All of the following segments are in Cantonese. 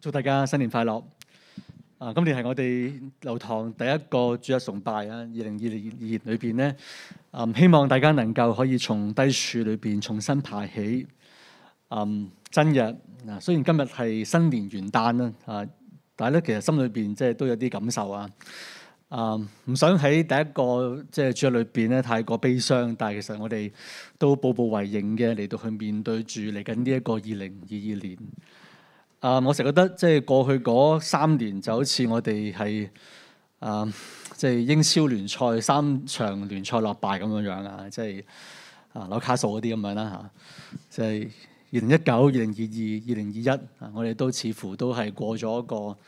祝大家新年快樂！啊，今年係我哋流堂第一個主日崇拜啊！二零二二年裏邊咧，嗯，希望大家能夠可以從低處裏邊重新爬起。嗯，真嘅，啊，雖然今日係新年元旦啦，啊，但係咧其實心裏邊即係都有啲感受啊。嗯，唔想喺第一個即係主日裏邊咧太過悲傷，但係其實我哋都步步為營嘅嚟到去面對住嚟緊呢一個二零二二年。啊！Uh, 我成日覺得即係、就是、過去嗰三年就好似我哋係啊，即、uh, 係英超聯賽三場聯賽落敗咁樣樣啊！即、就、係、是、啊攞卡數嗰啲咁樣啦嚇、啊，就係二零一九、二零二二、二零二一啊！我哋都似乎都係過咗一個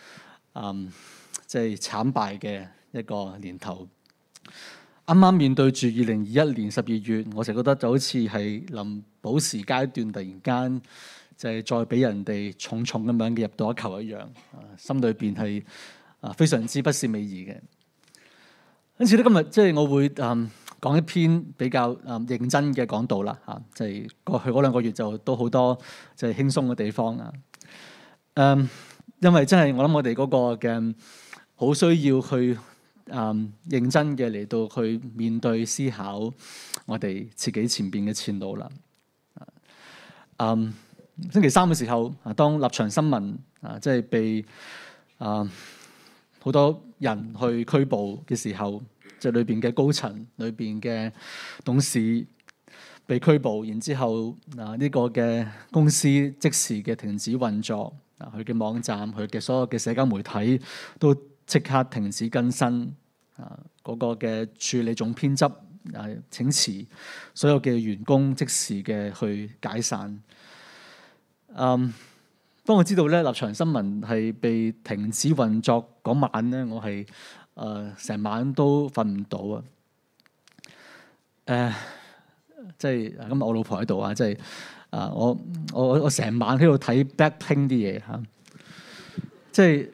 啊，即、um, 係慘敗嘅一個年頭。啱啱面對住二零二一年十二月，我成日覺得就好似係臨保時階段突然間，就係再俾人哋重重咁樣嘅入到一球一樣啊，心裏邊係啊非常之不屑美儀嘅。因此咧今日即係我會誒、嗯、講一篇比較誒、嗯、認真嘅講道啦嚇、啊，就係、是、過去嗰兩個月就都好多就係、是、輕鬆嘅地方啊。誒，因為真係我諗我哋嗰個嘅好需要去誒、嗯、認真嘅嚟到去面對思考我哋自己前面嘅前路啦、啊。嗯。星期三嘅時候，當立場新聞啊，即係被啊好多人去拘捕嘅時候，即係裏邊嘅高層、裏邊嘅董事被拘捕，然之後啊呢個嘅公司即時嘅停止運作，啊佢嘅網站、佢嘅所有嘅社交媒體都即刻停止更新啊。嗰個嘅署理總編輯啊請辭，所有嘅員工即時嘅去解散。嗯，當、um, 我知道咧立場新聞係被停止運作嗰晚咧，我係誒成晚都瞓唔到啊！誒、呃，即係今日我老婆喺度、呃、啊，即係啊，我我我成晚喺度睇 Blackpink 啲嘢嚇，即係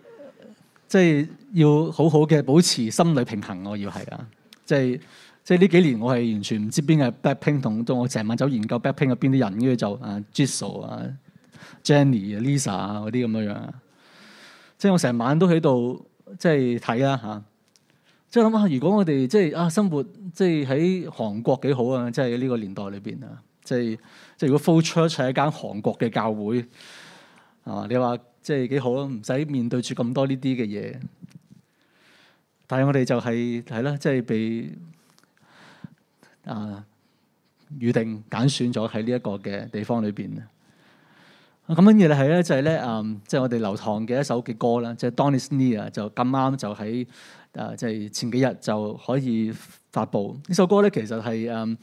即係要好好嘅保持心理平衡，我要係啊，即係即係呢幾年我係完全唔知邊個係 Blackpink 同到我成晚走研究 Blackpink 嘅邊啲人，跟住就啊 Jesse 啊。Jenny 啊，Lisa 啊，嗰啲咁樣樣，即係我成晚都喺度，即係睇啦嚇。即係諗下，如果我哋即係啊，生活即係喺韓國幾好啊！即係呢個年代裏邊啊，即係即係如果 flow church 係一間韓國嘅教會啊，你話即係幾好咯？唔使面對住咁多呢啲嘅嘢。但係我哋就係係啦，即係被啊預定揀選咗喺呢一個嘅地方裏邊。咁樣嘢咧係咧，就係咧，嗯，即係我哋流堂嘅一首嘅歌啦，即就 Dawn is Near 啊，就咁啱就喺，啊，即係前幾日就可以發布呢首歌咧，其實係嗯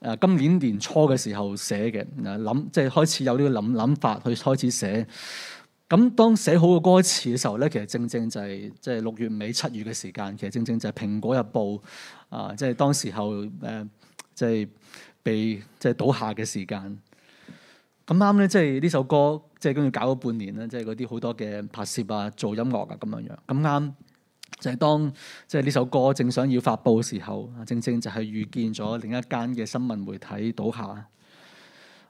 誒今年年初嘅時候寫嘅，諗即係開始有呢個諗諗法去開始寫。咁當寫好嘅歌詞嘅時候咧，其實正正就係即係六月尾七月嘅時間，其實正正就係《蘋果日報》啊，即係當時候誒，即係被即係倒下嘅時間。咁啱咧，即係呢首歌，即係跟住搞咗半年咧，即係嗰啲好多嘅拍攝啊、做音樂啊咁樣樣。咁啱就係、是、當即係呢首歌正想要發布嘅時候，正正就係遇見咗另一間嘅新聞媒體倒下。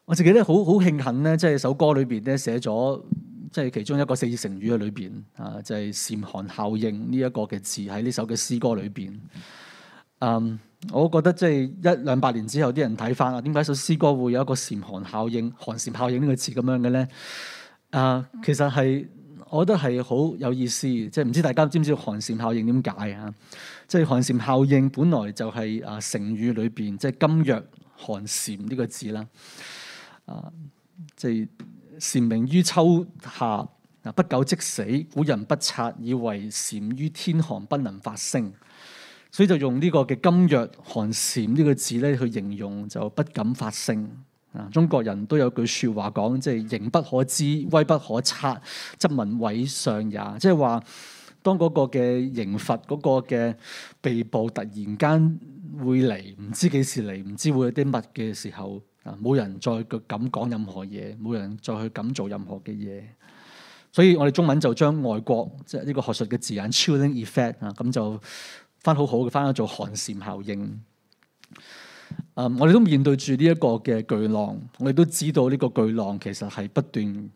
我自己咧好好慶幸咧，即係首歌裏邊咧寫咗，即係其中一個四字成語喺裏邊啊，就係禪韓效應呢一個嘅字喺呢首嘅詩歌裏邊。嗯，um, 我覺得即係一兩百年之後，啲人睇返啊，點解首詩歌會有一個蟬寒效應、寒蟬效應個詞呢個詞咁樣嘅咧？啊、uh，其實係我覺得係好有意思，即係唔知大家知唔知道寒蟬效應點解啊？即係寒蟬效應，本來就係、是、啊、呃、成語裏邊即係噤若寒蟬呢個字啦。啊，即係蟬鳴於秋夏，不久即死。古人不察，以為蟬於天寒不能發聲。所以就用呢個嘅噤若寒蟬呢個字咧，去形容就不敢發聲啊。中國人都有句説話講，即係刑不可知，威不可測，則民畏上也。即係話當嗰個嘅刑罰嗰個嘅被捕突然間會嚟，唔知幾時嚟，唔知會有啲乜嘅時候啊，冇人再敢講任何嘢，冇人再去敢做任何嘅嘢。所以我哋中文就將外國即係呢個學術嘅字眼 chilling effect 啊，咁就。翻好好嘅，翻去做寒蟬效應。啊、嗯，我哋都面對住呢一個嘅巨浪，我哋都知道呢個巨浪其實係不斷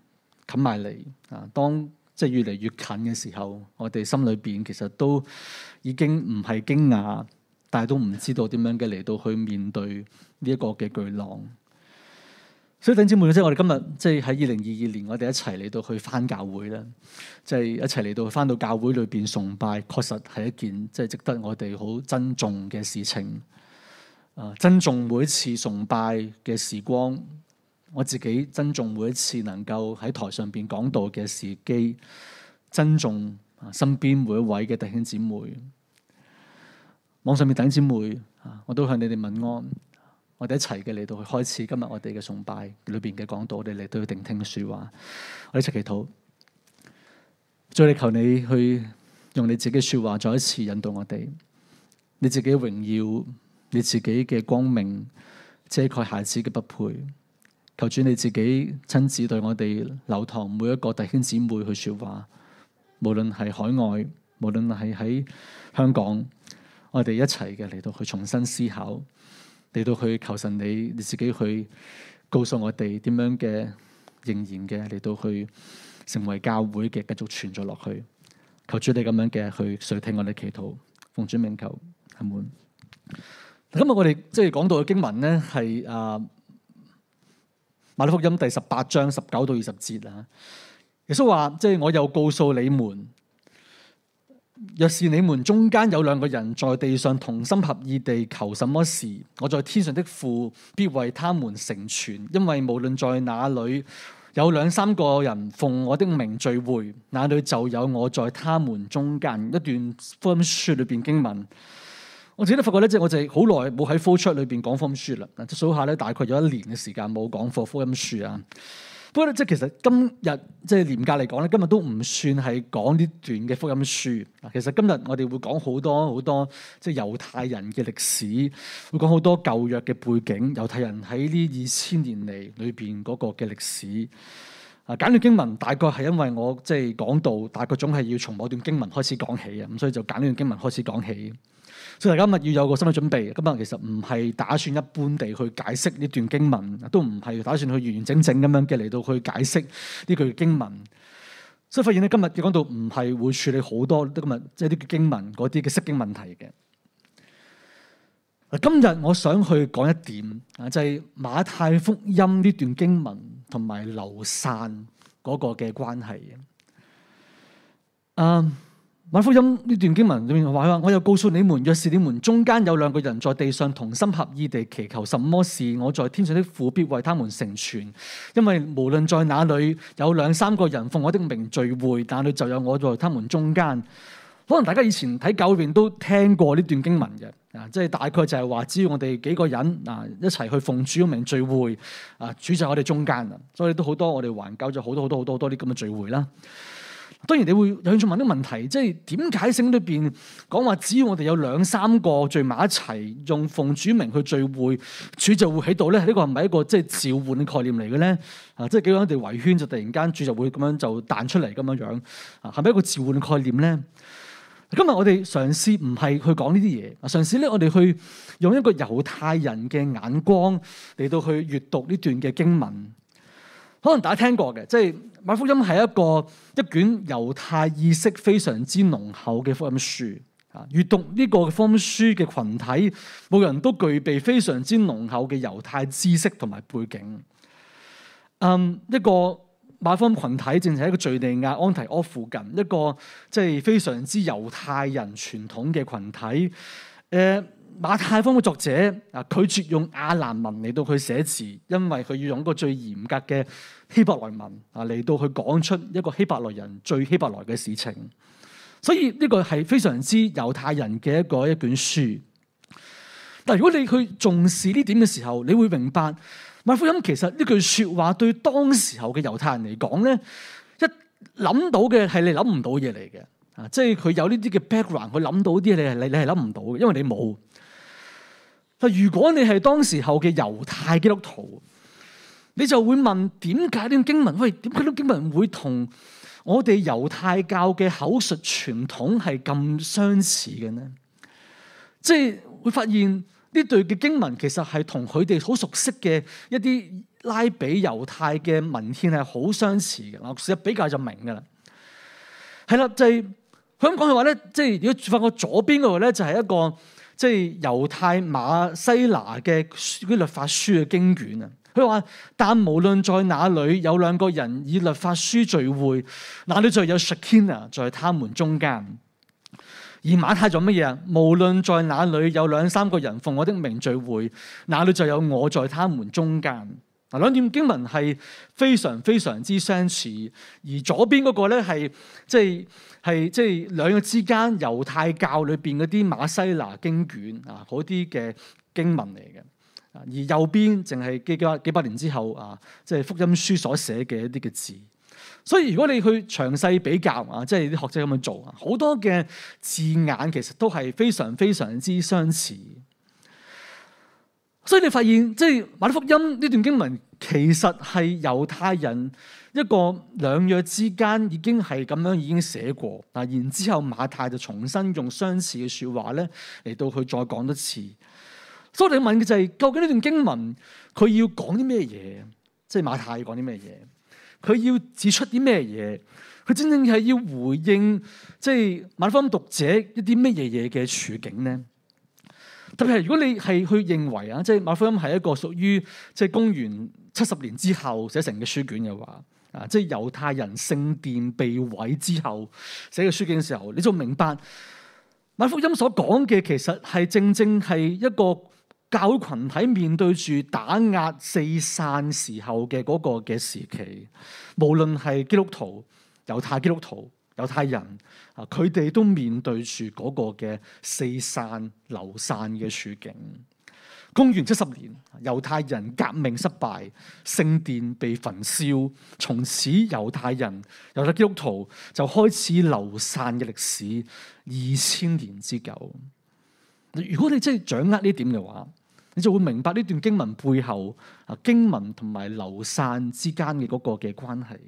冚埋嚟。啊，當即係越嚟越近嘅時候，我哋心裏邊其實都已經唔係驚訝，但係都唔知道點樣嘅嚟到去面對呢一個嘅巨浪。所以弟兄姊妹，即係我哋今日即係喺二零二二年，我哋一齊嚟到去翻教會咧，即係一齊嚟到翻到教會裏邊崇拜，確實係一件即係值得我哋好珍重嘅事情。啊，珍重每一次崇拜嘅時光，我自己珍重每一次能夠喺台上邊講道嘅時機，珍重身邊每一位嘅弟兄姊妹。網上面弟兄姊妹，啊，我都向你哋問安。我哋一齊嘅嚟到去開始今日我哋嘅崇拜裏邊嘅講道，我哋嚟到去聆聽說話。我哋一齊祈禱，再嚟求你去用你自己說話再一次引導我哋，你自己榮耀你自己嘅光明，遮蓋孩子嘅不配。求主你自己親自對我哋流堂每一個弟兄姊妹去說話，無論係海外，無論係喺香港，我哋一齊嘅嚟到去重新思考。嚟到去求神你，你你自己去告訴我哋點樣嘅仍然嘅，嚟到去成為教會嘅，繼續存在落去。求主你咁樣嘅去垂聽我哋祈禱，奉主名，求，阿門。今日我哋即係講到嘅經文咧，係、呃、啊馬太福音第十八章十九到二十節啊。耶穌話：，即係我又告訴你們。若是你們中間有兩個人在地上同心合意地求什麼事，我在天上的父必為他們成全，因為無論在哪裏有兩三個人奉我的名聚會，那裏就有我在他們中間。一段福音書裏邊經文，我自己都發覺咧，即我哋好耐冇喺復出裏邊講福音書啦。數下咧，大概有一年嘅時間冇講過福音書啊。不過咧，即係其實今日即係嚴格嚟講咧，今日都唔算係講呢段嘅福音書。其實今日我哋會講好多好多，即係猶太人嘅歷史，會講好多舊約嘅背景，猶太人喺呢二千年嚟裏邊嗰個嘅歷史。啊，揀段經文大概係因為我即係講道，大概總係要從某段經文開始講起嘅，咁所以就揀段經文開始講起。所以今日要有個心理準備，今日其實唔係打算一般地去解釋呢段經文，都唔係打算去完完整整咁樣嘅嚟到去解釋呢句經文。所以發現咧，今日講到唔係會處理好多今日即係啲經文嗰啲嘅釋經問題嘅。嗱，今日我想去講一點，就係馬太福音呢段經文同埋流散嗰個嘅關係嘅。嗯。Uh, 馬太福音呢段經文裏面話：我又告訴你們，若是你們中間有兩個人在地上同心合意地祈求，什麼事我在天上的父必為他們成全。因為無論在哪裡有兩三個人奉我的名聚會，那裡就有我在他們中間。可能大家以前喺教會裏邊都聽過呢段經文嘅，啊，即係大概就係話，只要我哋幾個人啊一齊去奉主嘅名聚會，啊，主就喺我哋中間啊。所以都好多我哋環教咗好多好多好多好多啲咁嘅聚會啦。當然你會有興趣問啲問題，即係點解聖經裏邊講話只要我哋有兩三個聚埋一齊用奉主名去聚會，主就會喺度咧？呢個係咪一個即係召喚嘅概念嚟嘅咧？啊，即係幾個人哋圍圈就突然間主就會咁樣就彈出嚟咁樣樣啊？係咪一個召喚嘅概念咧？今日我哋嘗試唔係去講呢啲嘢，嘗試咧我哋去用一個猶太人嘅眼光嚟到去閱讀呢段嘅經文。可能大家聽過嘅，即係馬福音係一個一卷猶太意識非常之濃厚嘅福音書。啊，閱讀呢個福音書嘅群體，每個人都具備非常之濃厚嘅猶太知識同埋背景。嗯，一個馬福音群體正喺一個敘利亞安提阿附近，一個即係非常之猶太人傳統嘅群體。誒、呃。馬太福音嘅作者啊，拒絕用亞蘭文嚟到佢寫詞，因為佢要用一個最嚴格嘅希伯來文啊嚟到去講出一個希伯來人最希伯來嘅事情。所以呢個係非常之猶太人嘅一個一卷書。但係如果你去重視呢點嘅時候，你會明白馬福音其實呢句說話對當時候嘅猶太人嚟講咧，一諗到嘅係你諗唔到嘢嚟嘅啊，即係佢有呢啲嘅 background，佢諗到啲嘢你係你你係諗唔到嘅，因為你冇。如果你係當時候嘅猶太基督徒，你就會問點解呢個經文？喂，點解呢個經文會同我哋猶太教嘅口述傳統係咁相似嘅呢？即係會發現呢對嘅經文其實係同佢哋好熟悉嘅一啲拉比猶太嘅文獻係好相似嘅。嗱，其實比較就明噶啦。係啦，就係香港嘅話咧，即係如果放個左邊嗰個咧，就係一個。即係猶太馬西拿嘅嗰啲律法書嘅經卷啊，佢話，但無論在哪裡有兩個人以律法書聚會，那裡就有 Shakina 在他們中間。而馬太做乜嘢啊？無論在哪裡有兩三個人奉我的名聚會，那裡就有我在他們中間。嗱，兩段經文係非常非常之相似，而左邊嗰個咧係即係係即係兩個之間猶太教裏邊嗰啲馬西拿經卷啊嗰啲嘅經文嚟嘅，而右邊淨係基督教幾百年之後啊，即係福音書所寫嘅一啲嘅字。所以如果你去詳細比較啊，即係啲學者咁樣做啊，好多嘅字眼其實都係非常非常之相似。所以你發現，即係馬太福音呢段經文，其實係猶太人一個兩約之間已經係咁樣已經寫過嗱，然之後馬太就重新用相似嘅說話咧嚟到佢再講一次。所以你哋問嘅就係，究竟呢段經文佢要講啲咩嘢？即係馬太講啲咩嘢？佢要指出啲咩嘢？佢真正係要回應，即係馬太福音讀者一啲乜嘢嘢嘅處境呢？特別係如果你係去認為啊，即係馬福音係一個屬於即係公元七十年之後寫成嘅書卷嘅話，啊，即係猶太人聖殿被毀之後寫嘅書卷嘅時候，你就明白馬福音所講嘅其實係正正係一個教會羣體面對住打壓四散時候嘅嗰個嘅時期，無論係基督徒、猶太基督徒。猶太人啊，佢哋都面對住嗰個嘅四散流散嘅處境。公元七十年，猶太人革命失敗，聖殿被焚燒，從此猶太人、猶太基督徒就開始流散嘅歷史二千年之久。如果你真係掌握呢點嘅話，你就會明白呢段經文背後啊，經文同埋流散之間嘅嗰個嘅關係。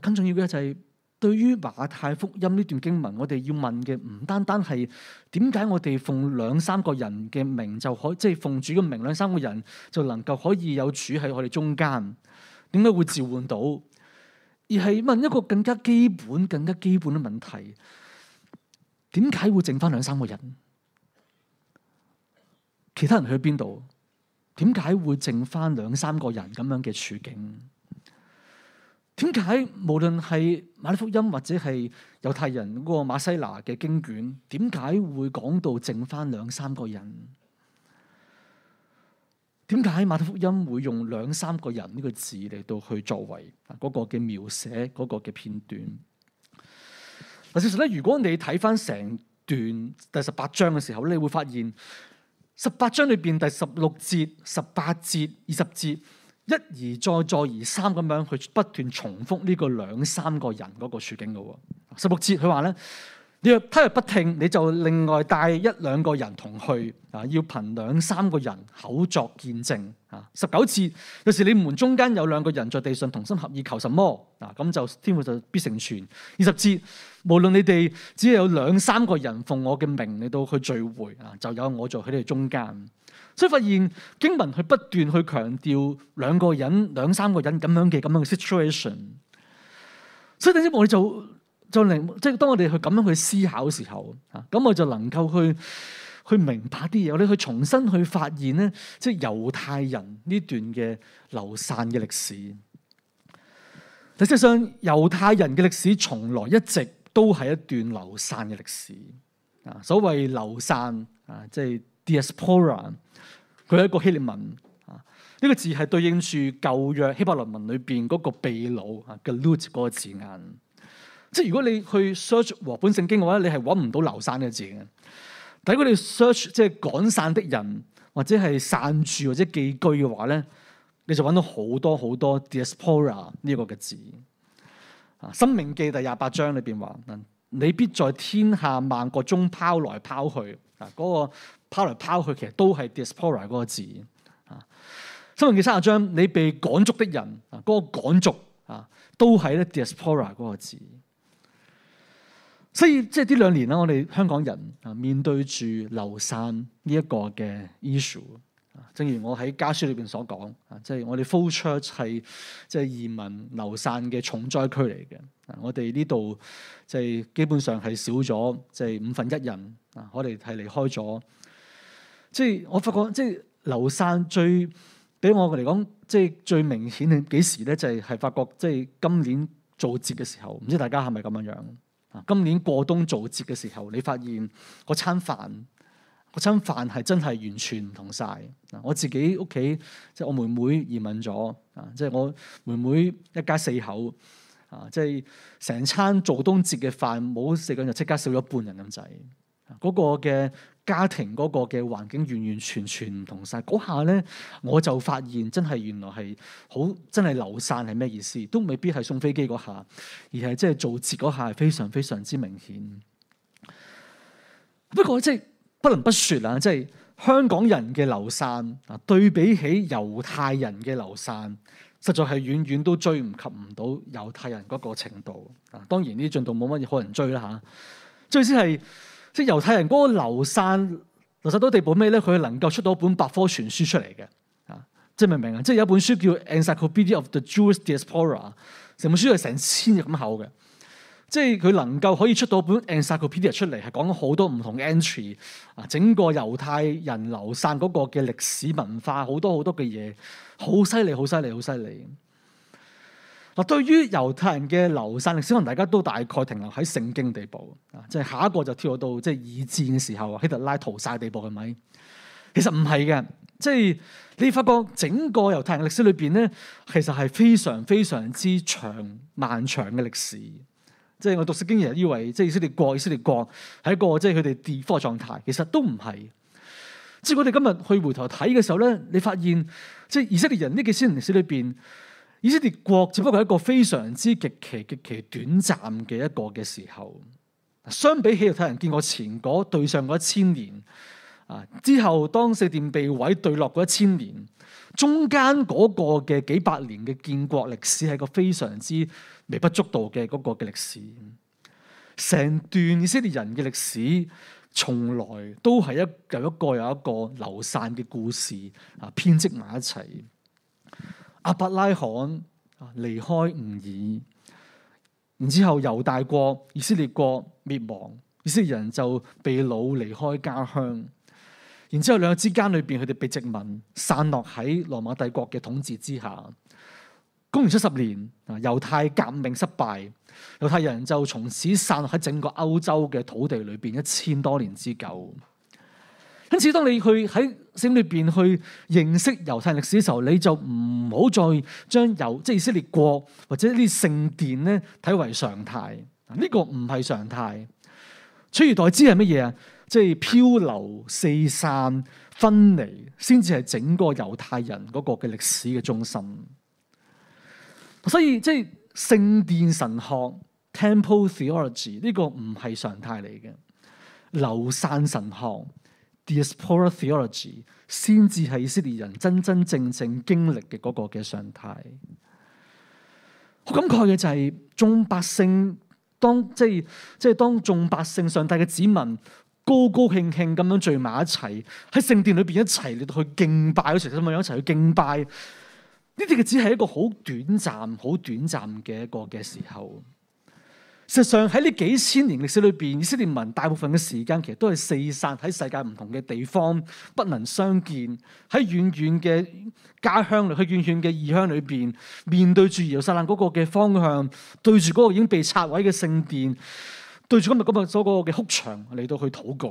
更重要嘅就係對於馬太福音呢段經文，我哋要問嘅唔單單係點解我哋奉兩三個人嘅名就可，即係奉主嘅名兩三個人就能夠可以有主喺我哋中間，點解會召喚到？而係問一個更加基本、更加基本嘅問題：點解會剩返兩三個人？其他人去邊度？點解會剩返兩三個人咁樣嘅處境？點解無論係馬太福音或者係猶太人嗰個馬西拿嘅經卷，點解會講到剩翻兩三個人？點解馬太福音會用兩三個人呢個字嚟到去作為嗰、那個嘅描寫嗰、那個嘅片段？嗱，事實上咧，如果你睇翻成段第十八章嘅時候，你會發現十八章裏邊第十六節、十八節、二十節。一而再、再而三咁樣去不斷重複呢個兩三個人嗰個處境噶。十六節佢話咧，你若不聽，你就另外帶一兩個人同去啊，要憑兩三個人口作見證啊。十九節有時你們中間有兩個人在地上同心合意求什麼啊，咁就天父就必成全。二十節無論你哋只要有兩三個人奉我嘅名，你到去聚會啊，就有我在喺你哋中間。所以發現經文佢不斷去強調兩個人、兩三個人咁樣嘅咁樣嘅 situation，所以點知我哋就就令即係當我哋去咁樣去思考嘅時候，咁、啊、我就能夠去去明白啲嘢，我哋去重新去發現咧，即係猶太人呢段嘅流散嘅歷史。但係實際上猶太人嘅歷史從來一直都係一段流散嘅歷史。啊，所謂流散啊，即係。Diaspora 佢係一個希臘文啊，呢、這個字係對應住舊約希伯來文裏邊嗰個被擄啊嘅 Galut 嗰個字眼。即係如果你去 search 和本聖經嘅話咧，你係揾唔到流散嘅字嘅。但係如果你 search 即係趕散的人或者係散住或者寄居嘅話咧，你就揾到好多好多 Diaspora 呢個嘅字。啊，申命記第廿八章裏邊話：你必在天下萬國中拋來拋去。嗱，嗰、啊那個拋嚟拋去其實都係 diaspora 嗰個字。啊，《申命記》三十章，你被趕逐的人，嗰、啊那個趕逐啊，都係咧 diaspora 嗰個字。所以即係呢兩年咧，我哋香港人啊面對住流散呢一個嘅 issue。啊，正如我喺家書裏邊所講，啊，即係我哋 flow church 係即係移民流散嘅重災區嚟嘅。我哋呢度即係基本上係少咗即係五分一人。我哋係離開咗，即係我發覺，即係流散最俾我嚟講，即係最明顯嘅幾時咧，就係、係、係發覺，即係今年做節嘅時候，唔知大家係咪咁樣樣？今年過冬做節嘅時候，你發現嗰餐飯，嗰餐飯係真係完全唔同曬。我自己屋企即係我妹妹移民咗，即係我妹妹一家四口，即係成餐做冬節嘅飯冇食緊，就即刻少咗半人咁滯。嗰個嘅家庭，嗰個嘅環境完完全全唔同晒。嗰下咧，我就發現真係原來係好真係流散係咩意思？都未必係送飛機嗰下，而係即係做節嗰下係非常非常之明顯。不過即係不能不説啦，即係香港人嘅流散啊，對比起猶太人嘅流散，實在係遠遠都追唔及唔到猶太人嗰個程度。當然呢啲進度冇乜嘢可能追啦嚇，最先係。即係猶太人嗰個流散流散到地步咩咧？佢能夠出到一本百科全書出嚟嘅，啊，即係明唔明啊？即係有一本書叫《Encyclopedia of the Jewish Diaspora》，成本書係成千頁咁厚嘅，即係佢能夠可以出到本 Encyclopedia 出嚟，係講好多唔同嘅 entry 啊，整個猶太人流散嗰個嘅歷史文化，好多好多嘅嘢，好犀利，好犀利，好犀利。嗱，對於猶太人嘅流散歷史，可能大家都大概停留喺聖經地步，啊，即係下一個就跳到即係二戰嘅時候希特拉屠晒地步係咪？其實唔係嘅，即係你發覺整個猶太人歷史裏邊咧，其實係非常非常之長漫長嘅歷史。即係我讀聖經人以為即係以色列國、以色列國係一個即係佢哋 default 狀態，其實都唔係。即係我哋今日去回頭睇嘅時候咧，你發現即係以色列人呢幾千年歷史裏邊。以色列國只不過係一個非常之極其極其短暫嘅一個嘅時候，相比起猶太人建國前嗰對上嗰一千年啊，之後當四殿被毀對落嗰一千年，中間嗰個嘅幾百年嘅建國歷史係個非常之微不足道嘅嗰個嘅歷史，成段以色列人嘅歷史從來都係一有一個有一個流散嘅故事啊編織埋一齊。阿伯拉罕離開吾珥，然之後猶大國、以色列國滅亡，以色列人就被擄離開家鄉。然之後兩個之間裏邊，佢哋被殖民，散落喺羅馬帝國嘅統治之下。公元七十年，猶太革命失敗，猶太人就從此散落喺整個歐洲嘅土地裏邊一千多年之久。因此，當你去喺聖經裏邊去認識猶太歷史嘅時候，你就唔好再將猶即係以色列國或者呢啲聖殿咧睇為常態。呢、這個唔係常態。取而代之係乜嘢啊？即、就、係、是、漂流四散分離，先至係整個猶太人嗰個嘅歷史嘅中心。所以即係、就是、聖殿神學 （Temple Theology） 呢個唔係常態嚟嘅，流散神學。Dispersion theology 先至係以色列人真真正正經歷嘅嗰個嘅狀態。好感慨嘅就係眾百姓當即係即係當眾百姓，百姓上帝嘅子民高高興興咁樣聚埋一齊喺聖殿裏邊一齊嚟到去敬拜，成日咁樣一齊去敬拜。呢啲嘅只係一個好短暫、好短暫嘅一個嘅時候。事實上喺呢幾千年歷史裏邊，以色列民大部分嘅時間其實都係四散喺世界唔同嘅地方，不能相見。喺遠遠嘅家鄉裏，喺遠遠嘅異鄉裏邊，面對住耶路撒冷嗰個嘅方向，對住嗰個已經被拆毀嘅聖殿，對住今日嗰個所嗰嘅哭牆嚟到去禱告。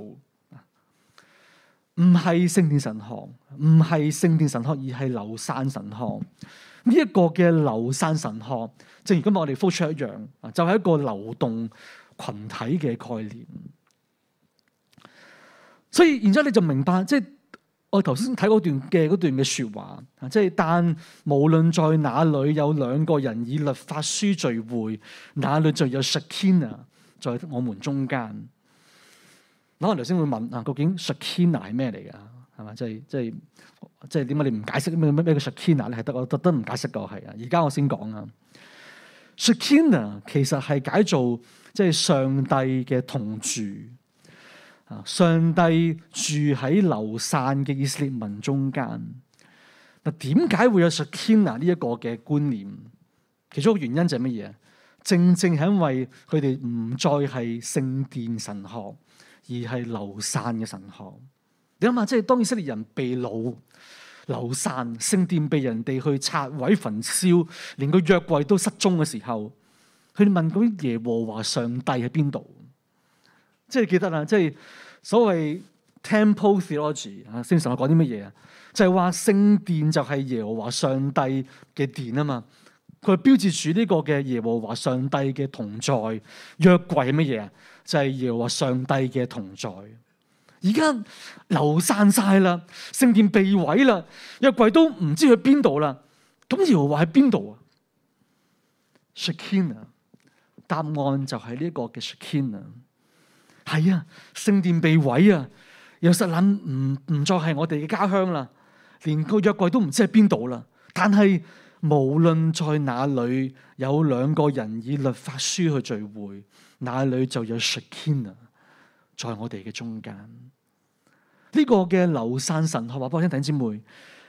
唔係聖殿神學，唔係聖殿神學，而係流亡神學。呢一個嘅流散神學，正如今日我哋付出一樣，就係、是、一個流動群體嘅概念。所以，然之後你就明白，即、就、係、是、我頭先睇嗰段嘅嗰段嘅說話，即、就、係、是、但無論在哪裏有兩個人以律法書聚會，哪裏就有 Shakina 在我們中間。可能頭先會問啊，究竟 Shakina 係咩嚟㗎？係嘛？即係即係即係點解你唔解釋咩咩咩叫 Shakina 咧係得？Ina, 我特登唔解釋個係啊！而家我先講啊。Shakina 其實係解做即係上帝嘅同住啊！上帝住喺流散嘅以色列民中間。嗱，點解會有 Shakina 呢一個嘅觀念？其中一個原因就係乜嘢？正正係因為佢哋唔再係聖殿神學，而係流散嘅神學。你諗下，即係當以色列人被擄、流散、聖殿被人哋去拆毀、焚燒，連個約櫃都失蹤嘅時候，佢哋問嗰啲耶和華上帝喺邊度？即係記得啦，即係所謂 Temple Theology 啊，聖經上講啲乜嘢啊？就係話聖殿就係耶和華上帝嘅殿啊嘛，佢係標誌住呢個嘅耶和華上帝嘅同在。約櫃係乜嘢啊？就係、是、耶和華上帝嘅同在。而家流散晒啦，聖殿被毀啦，約櫃都唔知去邊度啦。咁耶和華喺邊度啊？Shikina，答案就係呢一個嘅 Shikina。係 Sh 啊，聖殿被毀啊，有時諗唔唔再係我哋嘅家鄉啦，連個約櫃都唔知喺邊度啦。但係無論在哪裏，有兩個人以律法書去聚會，那裏就有 Shikina。在我哋嘅中間呢、這個嘅流散神學，話俾我聽，弟兄姊妹，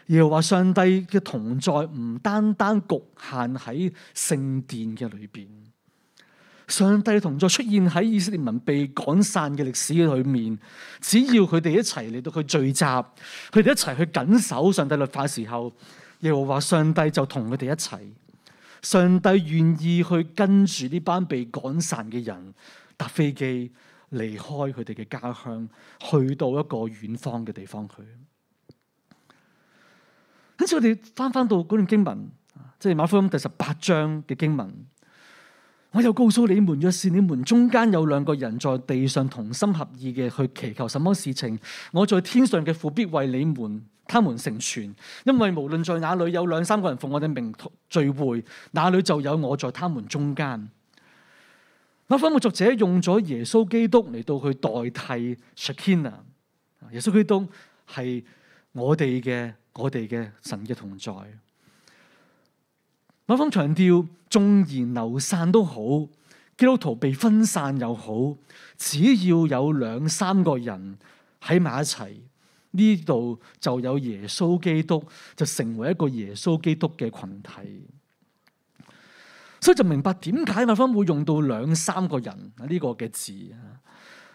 又話上帝嘅同在唔單單局限喺聖殿嘅裏邊。上帝嘅同在出現喺以色列民被趕散嘅歷史裏面，只要佢哋一齊嚟到去聚集，佢哋一齊去謹守上帝律法嘅時候，又話上帝就同佢哋一齊。上帝願意去跟住呢班被趕散嘅人搭飛機。離開佢哋嘅家鄉，去到一個遠方嘅地方去。跟住我哋翻翻到嗰段經文，即係馬太福音第十八章嘅經文，我又告訴你們：若是你們中間有兩個人在地上同心合意嘅去祈求什麼事情，我在天上嘅父必為你們，他們成全。因為無論在哪裏有兩三個人奉我哋名聚會，哪裏就有我在他們中間。馬太嘅作者用咗耶穌基督嚟到去代替 Shakina，耶穌基督係我哋嘅我哋嘅神嘅同在。馬太強調，縱然流散都好，基督徒被分散又好，只要有兩三個人喺埋一齊，呢度就有耶穌基督，就成為一個耶穌基督嘅群體。所以就明白點解馬太會用到兩三個人呢個嘅字，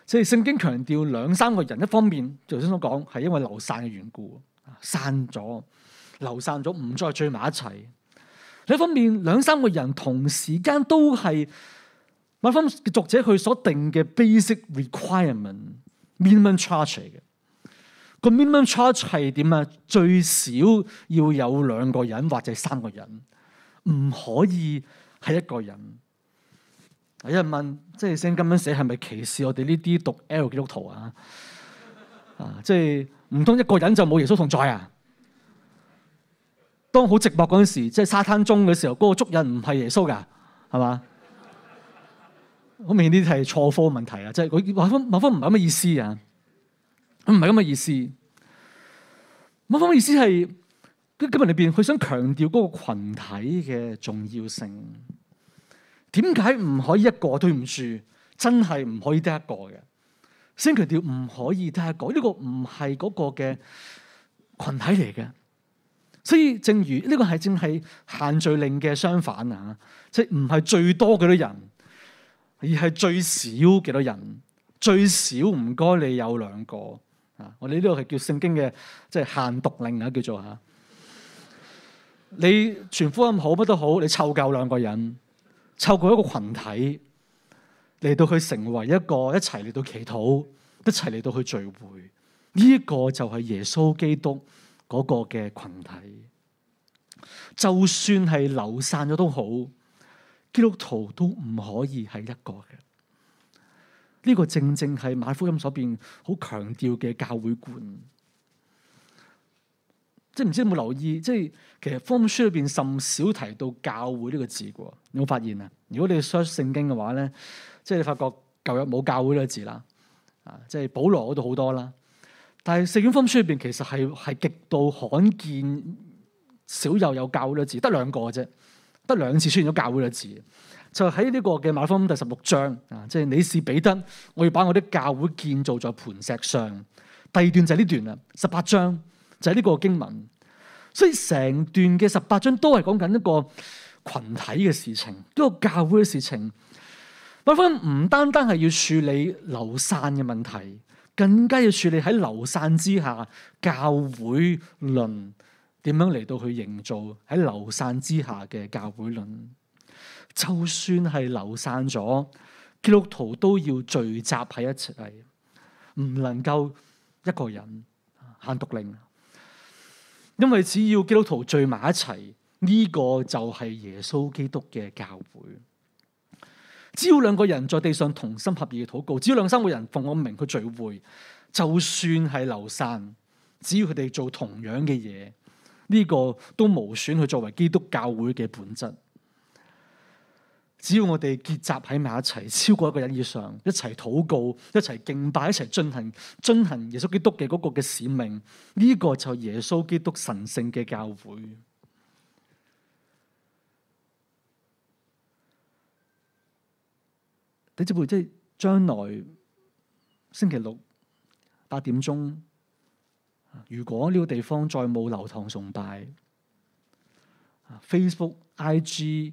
所以聖經強調兩三個人一一。一方面，頭先所講係因為流散嘅緣故，散咗，流散咗唔再聚埋一齊。另一方面，兩三個人同時間都係馬太嘅作者佢所定嘅 basic requirement minimum charge 嚟嘅。個 minimum charge 係點啊？最少要有兩個人或者三個人，唔可以。係一個人，有人問，即係聖經咁樣寫係咪歧視我哋呢啲讀 L 基督徒啊？啊，即係唔通一個人就冇耶穌同在啊？當好寂寞嗰陣時，即係沙灘中嘅時候，嗰個足印唔係耶穌㗎，係嘛？好明顯呢啲係錯科問題啊！即係我馬方馬方唔係咁嘅意思啊？唔係咁嘅意思。馬方意思係。今日裏邊，佢想強調嗰個群體嘅重要性。點解唔可以一個？對唔住，真係唔可以得一個嘅。先強調唔可以得一個，呢個唔係嗰個嘅群體嚟嘅。所以正如呢個係正係限聚令嘅相反啊，即係唔係最多幾多人，而係最少幾多人。最少唔該你有兩個啊！我哋呢度係叫聖經嘅，即係限獨令啊，叫做吓。你全福音好乜都好，你湊夠兩個人，湊夠一個群體嚟到去成為一個一齊嚟到祈禱，一齊嚟到去聚會，呢個就係耶穌基督嗰個嘅群體。就算係流散咗都好，基督徒都唔可以係一個嘅。呢個正正係馬太福音所變好強調嘅教會觀。即係唔知有冇留意，即係其實福音書裏邊甚少提到教會呢個字嘅喎，你有冇發現啊？如果你 search 聖經嘅話咧，即係你發覺舊約冇教會呢個字啦，啊，即係保羅嗰度好多啦，但係四卷福音書裏邊其實係係極度罕見，少又有，有教會呢個字，得兩個嘅啫，得兩次出現咗教會呢個字，就喺呢個嘅馬可第十六章啊，即係你是李士彼得，我要把我啲教會建造在磐石上。第二段就係呢段啦，十八章。就係呢個經文，所以成段嘅十八章都係講緊一個群體嘅事情，一個教會嘅事情。不分唔單單係要處理流散嘅問題，更加要處理喺流散之下教會論，點樣嚟到去營造喺流散之下嘅教會論。就算係流散咗，基督徒都要聚集喺一齊，唔能夠一個人行獨領。因為只要基督徒聚埋一齊，呢、這個就係耶穌基督嘅教會。只要兩個人在地上同心合意嘅禱告，只要兩三個人奉我名去聚會，就算係流散，只要佢哋做同樣嘅嘢，呢、這個都無損佢作為基督教會嘅本質。只要我哋結集喺埋一齊，超過一個人以上，一齊禱告，一齊敬拜，一齊進行進行耶穌基督嘅嗰個嘅使命，呢個就耶穌基督神聖嘅教會。你知唔知？即係將來星期六八點鐘，如果呢個地方再冇流堂崇拜，Facebook、IG。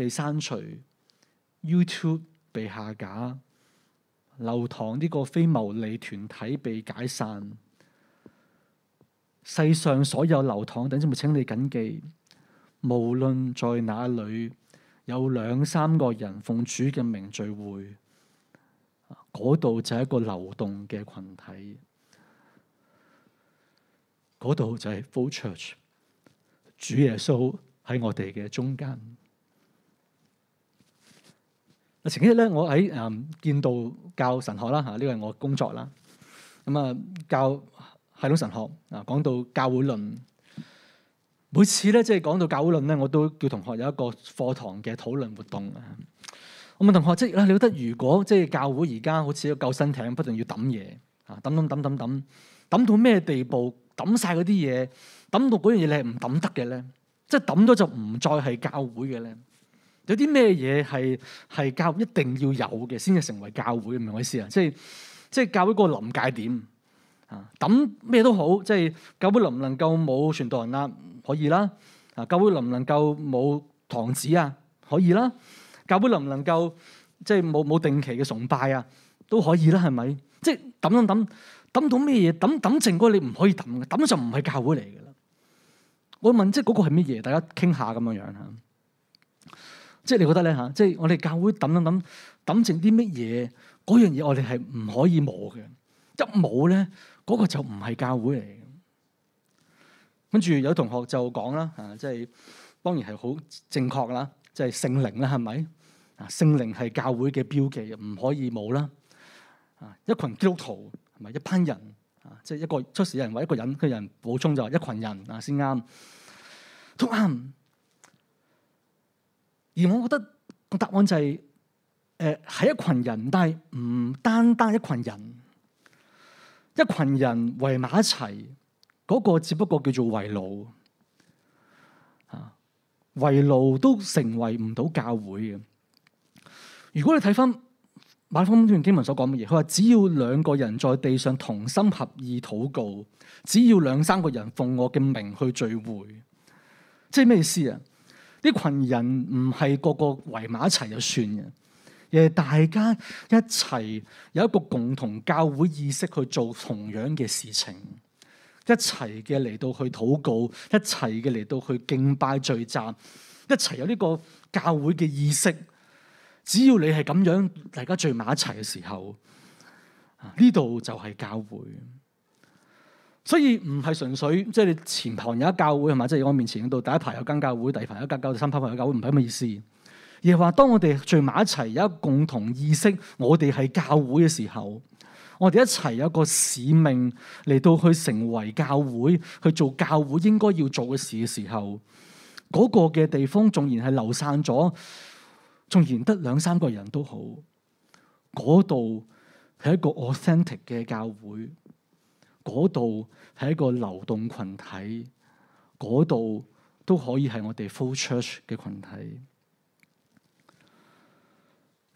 被刪除，YouTube 被下架，流堂呢個非牟利團體被解散。世上所有流堂，等一唔，請你謹記，無論在哪裏有兩三個人奉主嘅名聚會，嗰度就係一個流動嘅群體，嗰度就係 flow church，主耶穌喺我哋嘅中間。嗱，前幾日咧，我喺誒、呃、見到教神學啦，嚇呢個係我工作啦。咁啊，教系統神學啊，講到教會論。每次咧，即係講到教會論咧，我都叫同學有一個課堂嘅討論活動。我、啊、問同學：即係咧、啊，你覺得如果即係教會而家好似個救生艇，不斷要抌嘢啊，等等等等，抌，抌到咩地步？抌晒嗰啲嘢，抌到嗰樣嘢你係唔抌得嘅咧，即係抌咗就唔再係教會嘅咧？有啲咩嘢係係教一定要有嘅，先至成為教會，明我意思啊？即係即係教會嗰個臨界點啊！揼咩都好，即係教會能唔能夠冇傳道人啊？可以啦。啊，教會能唔能夠冇堂子啊？可以啦。教會能唔能夠即係冇冇定期嘅崇拜啊？都可以啦，係咪？即係抌一揼揼到咩嘢？抌揼淨嗰個你唔可以抌嘅，揼就唔係教會嚟嘅啦。我問即係嗰個係咩嘢？大家傾下咁樣樣嚇。即係你覺得咧吓，即係我哋教會抌一抌抌剩啲乜嘢？嗰樣嘢我哋係唔可以冇嘅，一冇咧嗰個就唔係教會嚟。跟住有同學就講啦吓，即係當然係好正確啦，即係聖靈啦，係咪？啊，聖靈係教會嘅標記，唔可以冇啦。啊，一群基督徒係咪一班人啊？即係一個出事人為一個人嘅人補充就係一群人啊先啱，都啱。而我覺得個答案就係誒係一群人，但係唔單單一群人，一群人圍埋一齊嗰，那個只不過叫做圍爐嚇，圍、啊、爐都成為唔到教會嘅。如果你睇翻馬太呢段經文所講乜嘢？佢話只要兩個人在地上同心合意禱告，只要兩三個人奉我嘅名去聚會，即係咩意思啊？呢群人唔係個個圍埋一齊就算嘅，而係大家一齊有一個共同教會意識去做同樣嘅事情，一齊嘅嚟到去禱告，一齊嘅嚟到去敬拜聚集，一齊有呢個教會嘅意識。只要你係咁樣，大家聚埋一齊嘅時候，呢度就係教會。所以唔係純粹即係你前堂有一教會，同埋即係我面前嗰度第一排有間教會，第二排有間教會，第三排有教會，唔係咁嘅意思。而係話當我哋聚埋一齊，有一共同意識，我哋係教會嘅時候，我哋一齊有一個使命嚟到去成為教會，去做教會應該要做嘅事嘅時候，嗰個嘅地方，縱然係流散咗，縱然得兩三個人都好，嗰度係一個 authentic 嘅教會。嗰度係一個流動群體，嗰度都可以係我哋 flow church 嘅群體。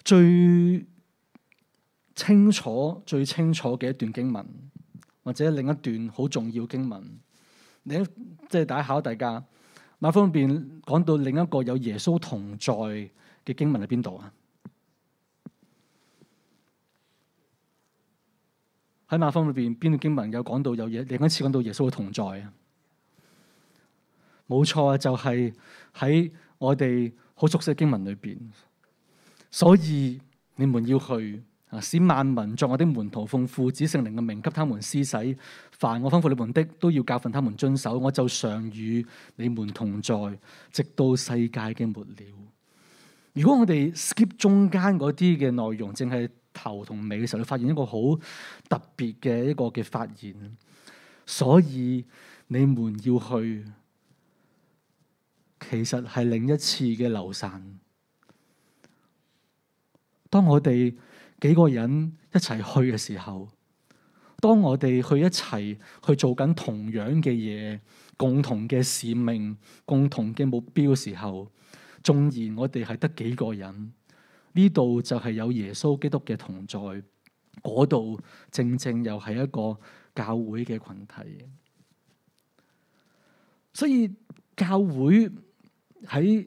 最清楚、最清楚嘅一段經文，或者另一段好重要經文，你即係大家考大家，嗱，方便講到另一個有耶穌同在嘅經文喺邊度啊？喺哪方裏邊，邊段經文有講到有嘢，另一次講到耶穌嘅同在啊？冇錯啊，就係、是、喺我哋好熟悉嘅經文裏邊。所以你們要去啊，使萬民作我的門徒，奉父子聖靈嘅名給他們施洗，凡我吩咐你們的，都要教訓他們遵守。我就常與你們同在，直到世界嘅末了。如果我哋 skip 中間嗰啲嘅內容，淨係。頭同尾嘅時候，你發現一個好特別嘅一個嘅發現。所以你們要去，其實係另一次嘅流散。當我哋幾個人一齊去嘅時候，當我哋去一齊去做緊同樣嘅嘢，共同嘅使命、共同嘅目標嘅時候，縱然我哋係得幾個人。呢度就係有耶穌基督嘅同在，嗰度正正又係一個教會嘅群體。所以教會喺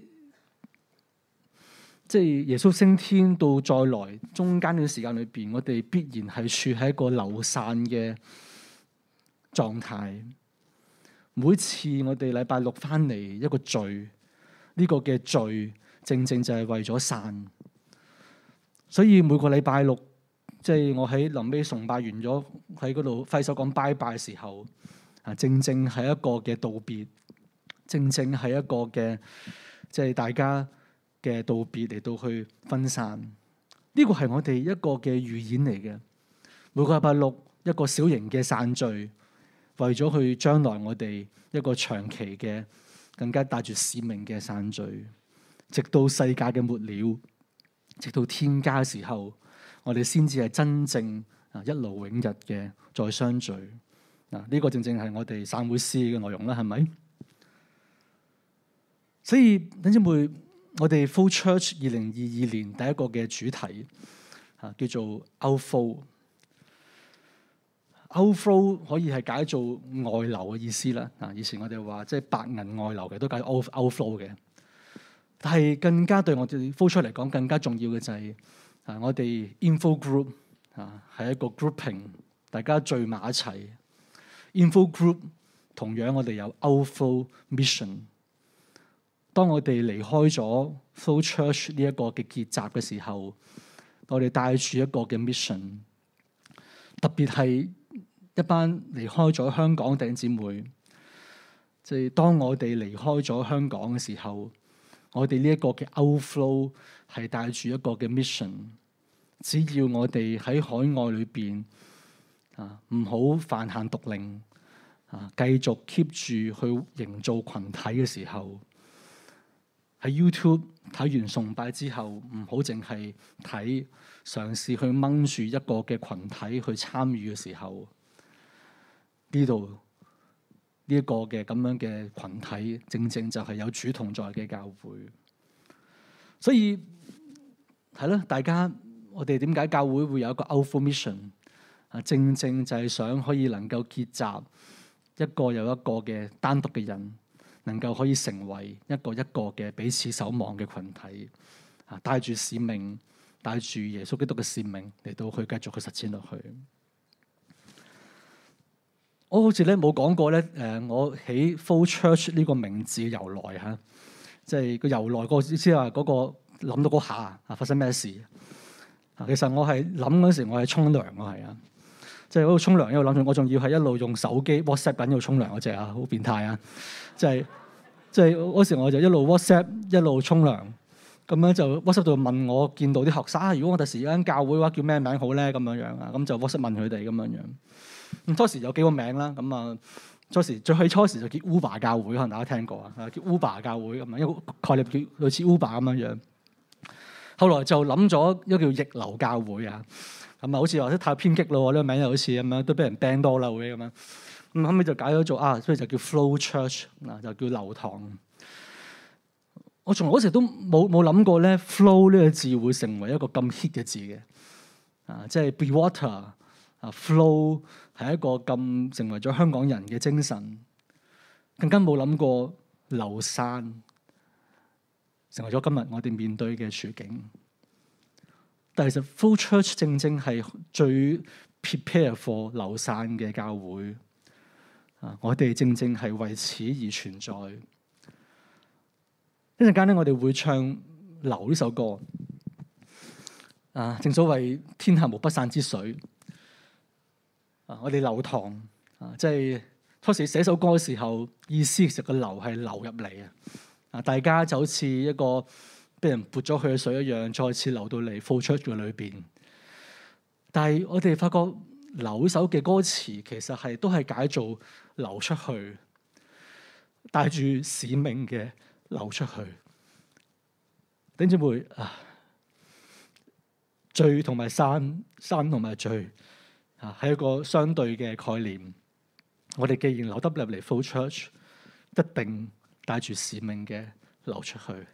即係耶穌升天到再來中間段時間裏邊，我哋必然係處喺一個流散嘅狀態。每次我哋禮拜六翻嚟一個聚，呢個嘅聚正正就係為咗散。所以每個禮拜六，即係我喺臨尾崇拜完咗，喺嗰度揮手講拜拜嘅時候，啊，正正係一個嘅道別，正正係一個嘅即係大家嘅道別嚟到去分散。呢個係我哋一個嘅預演嚟嘅。每個禮拜六一個小型嘅散聚，為咗去將來我哋一個長期嘅更加帶住使命嘅散聚，直到世界嘅末了。直到天家嘅時候，我哋先至係真正啊一勞永逸嘅再相聚啊！呢、這個正正係我哋散會詩嘅內容啦，係咪？所以等陣會，我哋 flow church 二零二二年第一個嘅主題啊，叫做 Outflow。Outflow 可以係解做外流嘅意思啦。啊，以前我哋話即係白銀外流嘅，都解 Out Outflow 嘅。但係更加對我哋 full church 嚟講，更加重要嘅就係啊，我哋 info group 啊係一個 grouping，大家聚埋一齊。info group 同樣我哋有 outflow mission。當我哋離開咗 full church 呢一個嘅結集嘅時候，我哋帶住一個嘅 mission。特別係一班離開咗香港弟兄姊妹，即係當我哋離開咗香港嘅時候。我哋呢一個嘅 outflow 係帶住一個嘅 mission，只要我哋喺海外裏邊啊，唔好犯限聚令啊，繼續 keep 住去營造群體嘅時候，喺 YouTube 睇完崇拜之後，唔好淨係睇，嘗試去掹住一個嘅群體去參與嘅時候，呢度。呢一個嘅咁樣嘅群體，正正就係有主同在嘅教會，所以係咯，大家我哋點解教會會有一個 outflow mission？啊，正正就係想可以能夠結集一個又一個嘅單獨嘅人，能夠可以成為一個一個嘅彼此守望嘅群體，啊，帶住使命，帶住耶穌基督嘅使命嚟到去繼續去實踐落去。我好似咧冇講過咧，誒，我起 flow church 呢個名字由來嚇，即係個由來，就是，由來個意思係嗰個諗到個下啊發生咩事啊？其實我係諗嗰時我，我係沖涼喎係啊，即係喺度沖涼，一路諗住，我仲要係一路用手機 WhatsApp 緊度沖涼嗰隻啊，好，就是，變態啊！即係即係嗰時我就一路 WhatsApp 一路沖涼，咁咧就 WhatsApp 度問我見到啲學生，啊，如果我第時有間教會嘅話，叫咩名好咧？咁樣樣啊，咁就 WhatsApp 問佢哋咁樣樣。初時有幾個名啦，咁啊初時最起初時就叫 Uber 教會，可能大家聽過啊，叫 Uber 教會咁樣，因為概念叫類似 Uber 咁樣樣。後來就諗咗一個叫逆流教會啊，咁啊，好似話啲太偏激咯，呢個名又好似咁樣，都俾人釘多啦，會咁樣。咁後尾就改咗做啊，所以就叫 Flow Church 嗱、啊，就叫流堂。我從來嗰時都冇冇諗過咧，Flow 呢個字會成為一個咁 hit 嘅字嘅啊，即係 be water 啊，flow。係一個咁成為咗香港人嘅精神，更加冇諗過流散，成為咗今日我哋面對嘅處境。但係其實 flow church 正正係最 prepare for 流散嘅教會啊！我哋正正係為此而存在。一陣間咧，我哋會唱《流》呢首歌啊！正所謂天下無不散之水。啊！我哋流堂啊，即係初時寫首歌嘅時候，意思其實個流係流入嚟啊！啊，大家就好似一個被人潑咗佢嘅水一樣，再次流到嚟付出嘅裏邊。但係我哋發覺流首嘅歌詞其實係都係解做流出去，帶住使命嘅流出去。弟兄姊妹啊，聚同埋散，散同埋聚。啊，係一個相對嘅概念。我哋既然留得入嚟 flow church，一定帶住使命嘅流出去。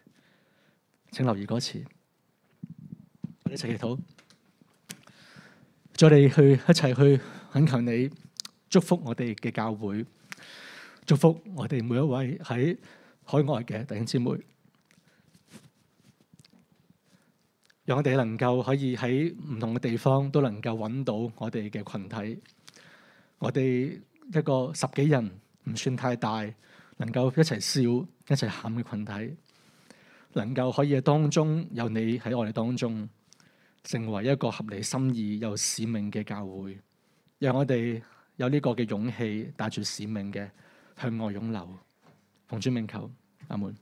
請留意歌詞， 我哋一齊祈禱， 再嚟去一齊去懇求你祝福我哋嘅教會，祝福我哋每一位喺海外嘅弟兄姊妹。讓我哋能夠可以喺唔同嘅地方都能夠揾到我哋嘅群體，我哋一個十幾人唔算太大，能夠一齊笑、一齊喊嘅群體，能夠可以喺當中有你喺我哋當中，成為一個合你心意有使命嘅教會，讓我哋有呢個嘅勇氣帶住使命嘅向外湧流，奉主名求，阿門。